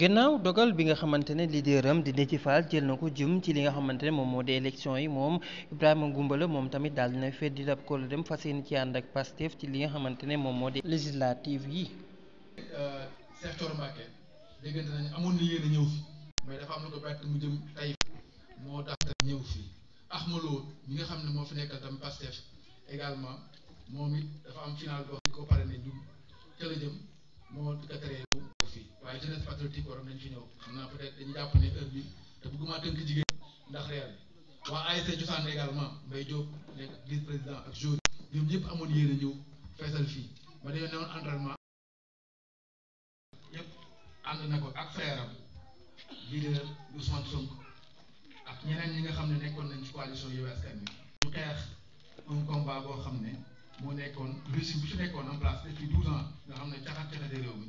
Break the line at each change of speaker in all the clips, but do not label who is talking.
ginnaaw dogal bi nga xamante ne leaderam di Déthié Fall jël na ko jëm ci li nga xamante ne moom moo di élection yi moom Ibrahima Goumbala moom tamit daal dina feddi ab kóolu dem fa yéene ci ànd ak Pastef ci li nga xamante ne moom moo di législative yi. a ñëw fi mais dafa am lu ko bett moo tax ñëw fii Axmaloo ñi nga xam ne moo fi nekkal tam Pastef également moom it dafa am final boo xam ne ko pare ne fii waaye jeunesse patriotique waroon nañ fi ñëw xam naa peut-être dañu jàpp ne heure bi te bëgguma tënk jigéen ndax reer bi waa ASC Cosaan également Mbaye Diop nekk vice président ak jour ñoom ñëpp amoon yéen a ñëw feesal fii ba dañoo newoon ko ak frère am leader Ousmane Sonko ñi nga xam ne nekkoon nañ ci coalition Yewwi Askan Wi ñu xeex un combat boo xam ne moo nekkoon régime bu ci nekkoon en place depuis douze ans nga xam ne caxat caxate réew mi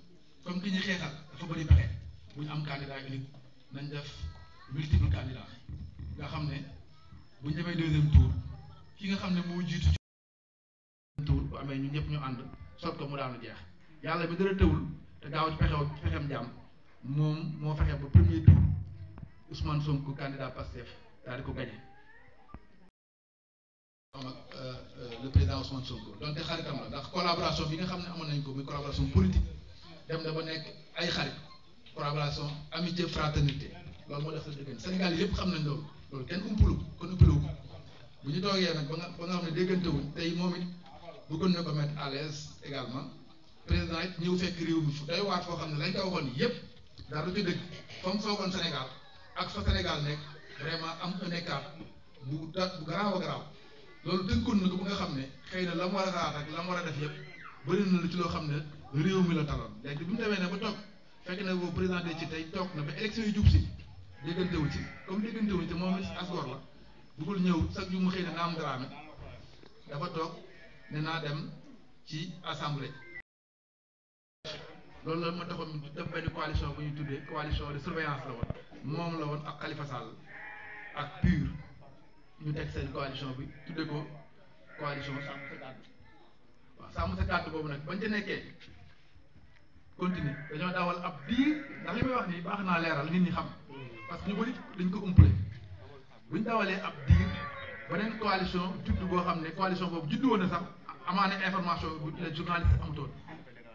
comme ki ñu xeexal dafa bëri pexe bu am candidat nga xam ne bu ñu tour ki nga xam ne moo jiitu ci tour bu amee ñu ñëpp ñu ànd sot ko mu daanu jeex yàlla bi dara tëwul te gaaw ci pexew pexem jàmm moom moo fexe ba premier tour Ousmane Sonko candidat Pastef daal di ko gagné. am ak euh, euh, le président Ousmane Sonko donte xaritam la ndax collaboration bi nga xam ne amoon nañ ko muy collaboration politique. dem dama ba nekk ay xarit collaboration amitié fraternité loolu moo def sa diggante Sénégal yëpp xam nañ loolu loolu kenn umpalu kon umpalu ko bu ñu toogee nag ba nga ba nga xam ne déggante wuñ tey moom it bëggoon na ko mettre à l'aise également président it ñëw fekk réew mi fu day waar foo xam ne lañ ko waxoon yëpp dara du ci dëgg comme foogoon Sénégal ak fa Sénégal nekk vraiment am un écart bu da bu garaaw a garaaw loolu tënkoon na ko bu nga xam ne xëy na la mu war a xaar ak la mu war a def yëpp bëri na lu ci loo xam ne. réew mi la taloon léegi bi demee ne ba toog fekk na boobu président de ci tey toog na ba élection yu jub si déggantewuñ ci ci moom as gor la bëggul ñëw sax mu xëy ne naa am daraame dafa toog naa dem ci assemblée. loolu la ma taxoon def benn coalition bu ñu tuddee coalition de surveillance la woon moom la woon ak kalifa Sall ak PUR ñu teg seen coalition bi tuddee ko coalition sàmm sa kàddu sa kàddu boobu nag bañ ca nekkee. continuer dañoo dawal ab diir ndax li may wax nii baax naa leeral nit ñi xam parce que ñu bëri dañ ko umpale bu ñu dawalee ab diir beneen coalition juddu boo xam ne coalition boobu juddu woon na sax amaana information bu journaliste amutoon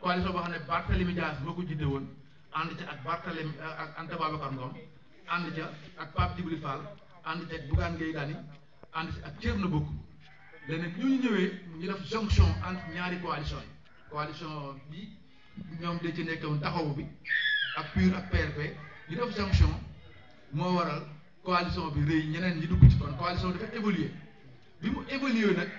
coalition boo xam ne Barthélemy Dias moo ko jiite woon ànd ca ak Barthélemy euh, ak Anta Babacar Ngom ànd ca ak Pape bu Fall ànd ca ak Bougane Gueye Dany ànd ca ak Thierno Bocoum leneen ñu ñëwee ñu def jonction entre ñaari coalition yi coalition bi ñoom de ci nekkoon taxawu bi ak PUR ak PRP ñu def jonction moo waral coalition bi rëy ñeneen ñi dugg ci kon coalition dafa évoluer bi mu évoluer nag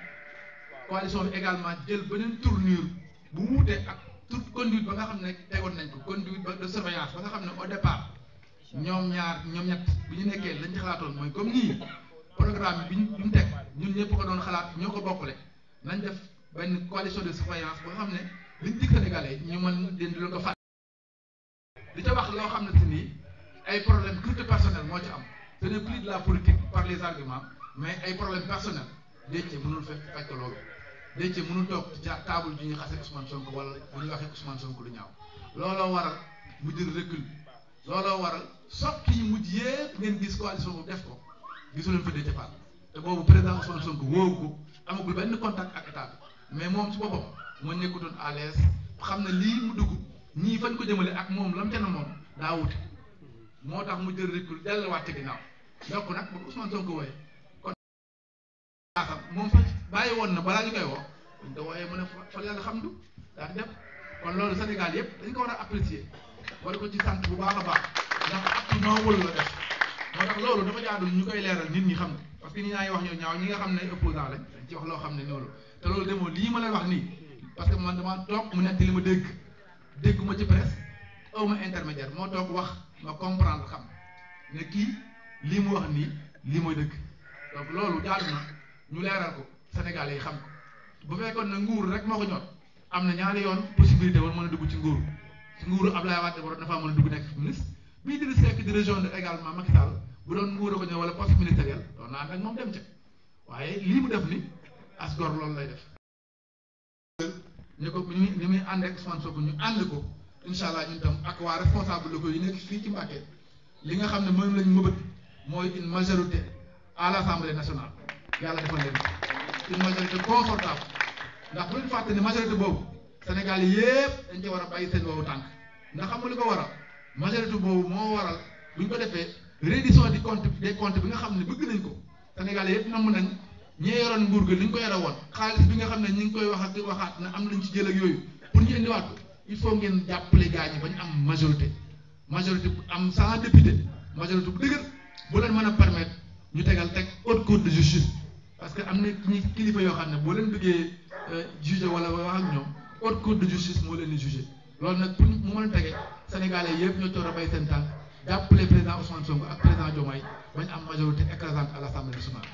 coalition bi également jël beneen tournure bu wuute ak toute conduite ba nga xam ne tegoon nañ ko conduite ba de surveillance ba nga xam ne au départ ñoom ñaar ñoom ñett bi ñu nekkee lañ ci xalaatoon mooy comme nii programme bi ñu ñu teg ñun ñëpp ko doon xalaat ñoo ko bokkule nañ def benn coalition de surveillance xam ne. liñ di ñu mën leen di ca wax loo xam ne si nii ay problème culte personnel moo ci am ce n'est plus de la politique par les arguments mais ay problème personnel Déthié mënul fekk fekk loolu Déthié mënul toog ci table ji ñu xasee Ousmane Sonko wala bu ñu waxee Ousmane Sonko du ñaaw looloo waral mu jël recul looloo waral soppi yi mujj yépp ngeen gis coalition boobu def ko gisuleen fa Déthié Fall te boobu président Ousmane Sonko wóowu ko amagul benn contact ak état mais moom ci boppam moo nekkutoon à l'aise xam ne lii mu dugg ñii fañ ko jëmale ak moom lam ca na moom daa wute moo tax mu jël recul delluwaat ginnaaw yokk nag ba Ousmane Sonko wooye kon xam moom sax bàyyi woon na balaa ñu koy woo dañ ko wooyee mu ne fa xam du daal di dem kon loolu Sénégal yëpp dañ ko war a apprécier war ko ci sant bu baax a baax ndax ak noowul la def moo tax loolu dafa jaadul ñu koy leeral nit ñi xam parce que ñi ñaa ñaaw ñi nga xam ne ay opposant lañ ci wax loo xam ne loolu te loolu demoo lii ma nii parce que man dama toog mu nekk li deg dégg dégguma ci presse aw ma intermédiaire mo tok wax ma comprendre xam ne ki lii mu wax ni lii mooy dëgg donc lolu jaadu ñu leral ko Sénégalais yi xam ko bu fekkon na nguur rek moko ko ñor am ñaari yoon possibilité won mëna dugg ci nguur ci nguuru Ablaye Wade waroon dafa mëna dugg nek ministre bii dir sék di de également Macky Sall bu doon nguur ko ñëw wala poste ministériel doon na nak mom dem ci waaye limu mu def ni as gor lay def ñu ko ñu ni muy ànd ak Ousmane Sonko ñu ànd ko allah ñun tam ak waa responsable locaux yi nekk fii ci Mbacké li nga xam ne moom lañ mëbët mooy une majorité à l'Assemblée nationale yàlla defal leen une majorité confortable ndax bu ñu fàtte ne majorité boobu Sénégal yépp dañ ci war a bàyyi seen woowu tànk ndax xam nga li ko waral majorité boobu moo waral bu ko defee des comptes bi nga bëgg nañ ko Sénégal yépp nañ ñi yoroon nguur ga ni ñu ko yore woon xaalis bi nga xam ne ñi ngi koy wax ak di waxaat na am lañ ci jël ak yooyu pour ñu indiwaat ko il faut ngeen jàppale gars ñi ba am majorité majorité bu am cent député majorité bu dëgër bu leen mën a permettre ñu tegal teg haute cour de justice parce que am na ñi kilifa yoo xam ne boo leen bëggee euh, jugé wala wax ak ñoom haute cour de justice moo leen di jugé loolu nag pour mu mën a tege sénégalais yëpp ñoo toog a bay seen tànk jàppale président Ousmane Sonko ak président Diomaye bañ am majorité écrasante à l'Assemblée nationale